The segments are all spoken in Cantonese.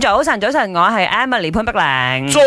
早晨，早晨，我係 Emily 潘碧玲。早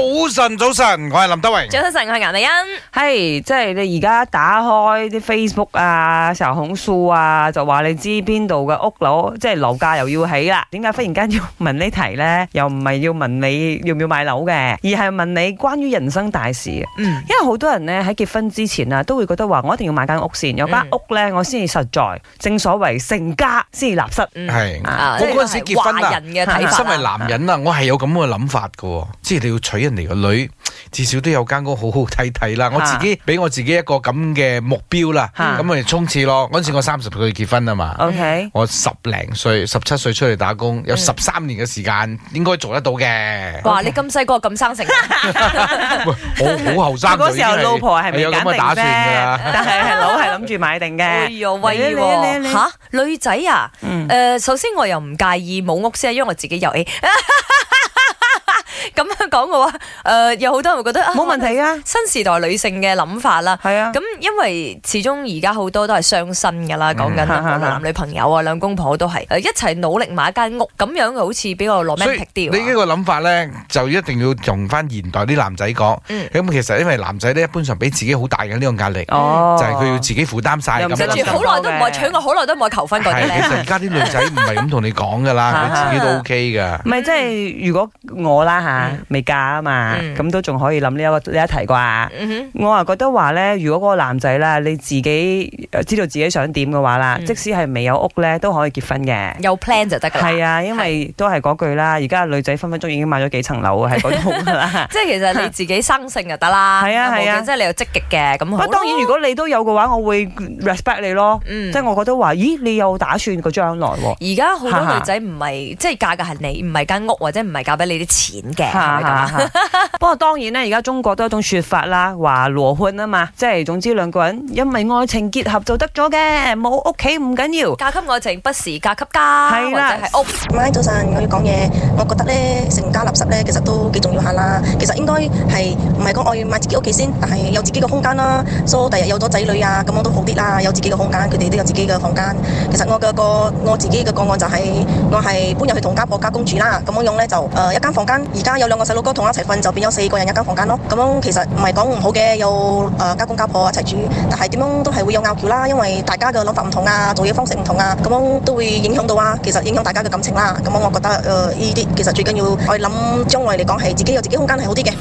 晨，早晨，我係林德榮。早晨，我係顏麗欣。係，即係你而家打開啲 Facebook 啊、成紅數啊，就話你知邊度嘅屋樓，即係樓價又要起啦。點解忽然間要問呢題咧？又唔係要問你要唔要買樓嘅，而係問你關於人生大事嘅。嗯，因為好多人咧喺結婚之前啊，都會覺得話我一定要買間屋先，有間屋咧我先至實在。正所謂成家先至立室。係，我嗰陣時結婚啦。華人嘅睇法，身為男人。嗱、嗯，我係有咁嘅諗法嘅、哦，即係你要娶人哋個女，至少都有間屋好好睇睇啦。啊、我自己俾我自己一個咁嘅目標啦，咁我哋衝刺咯。嗰陣時我三十歲結婚啊嘛，okay, 我十零歲、十七歲出去打工，有十三年嘅時間，嗯、應該做得到嘅。哇！okay. 你咁細個咁生性， 我好後生嗰時候， 時候老婆係咪 有咁嘅打算噶？但是 買定嘅，喂吓、啊啊、女仔啊！誒、嗯呃，首先我又唔介意冇屋先，因為我自己又。A。 咁樣講嘅話，誒有好多人會覺得冇問題啊！新時代女性嘅諗法啦，係啊，咁因為始終而家好多都係雙薪嘅啦，講緊男女朋友啊，兩公婆都係一齊努力買一間屋，咁樣好似比較浪漫啲啲。所以你呢個諗法咧，就一定要用翻現代啲男仔講。咁其實因為男仔咧，一般上俾自己好大嘅呢個壓力，就係佢要自己負擔曬，跟住好耐都唔係娶我，好耐都唔係求婚個。係，其實而家啲女仔唔係咁同你講嘅啦，佢自己都 OK 㗎。唔係即係如果我啦未嫁啊嘛，咁都仲可以諗呢一個呢一題啩？我啊覺得話咧，如果嗰個男仔啦，你自己知道自己想點嘅話啦，即使係未有屋咧，都可以結婚嘅。有 plan 就得噶。係啊，因為都係嗰句啦。而家女仔分分鐘已經買咗幾層樓喺嗰度，即係其實你自己生性就得啦。係啊係啊，即係你有積極嘅。咁不當然如果你都有嘅話，我會 respect 你咯。即係我覺得話，咦，你有打算個將來喎？而家好多女仔唔係即係嫁嘅係你，唔係間屋或者唔係嫁俾你啲錢嘅。吓，不過當然咧，而家中國都一種說法啦，話裸婚啊嘛，即係總之兩個人因為愛情結合就得咗嘅，冇屋企唔緊要。嫁給愛情，不是嫁給家，係啦，係屋。唔該早晨，我要講嘢。我覺得咧，成家立室咧，其實都幾重要下啦。其實應該係唔係講我要買自己屋企先，但係有自己個空間啦。所以第日有咗仔女啊，咁樣都好啲啦，有自己個空間，佢哋都有自己嘅房間。其實我嘅個我自己嘅個案就係我係搬入去同家婆家公住啦，咁樣樣咧就誒一間房間，而家。有兩個細佬哥同我一齊瞓，就變咗四個人一間房間咯。咁樣其實唔係講唔好嘅，有誒、呃、家公家婆一齊住，但係點樣都係會有拗撬啦，因為大家嘅諗法唔同啊，做嘢方式唔同啊，咁樣都會影響到啊。其實影響大家嘅感情啦。咁樣我覺得誒呢啲其實最緊要我諗將來嚟講，係自己有自己空間係好啲嘅。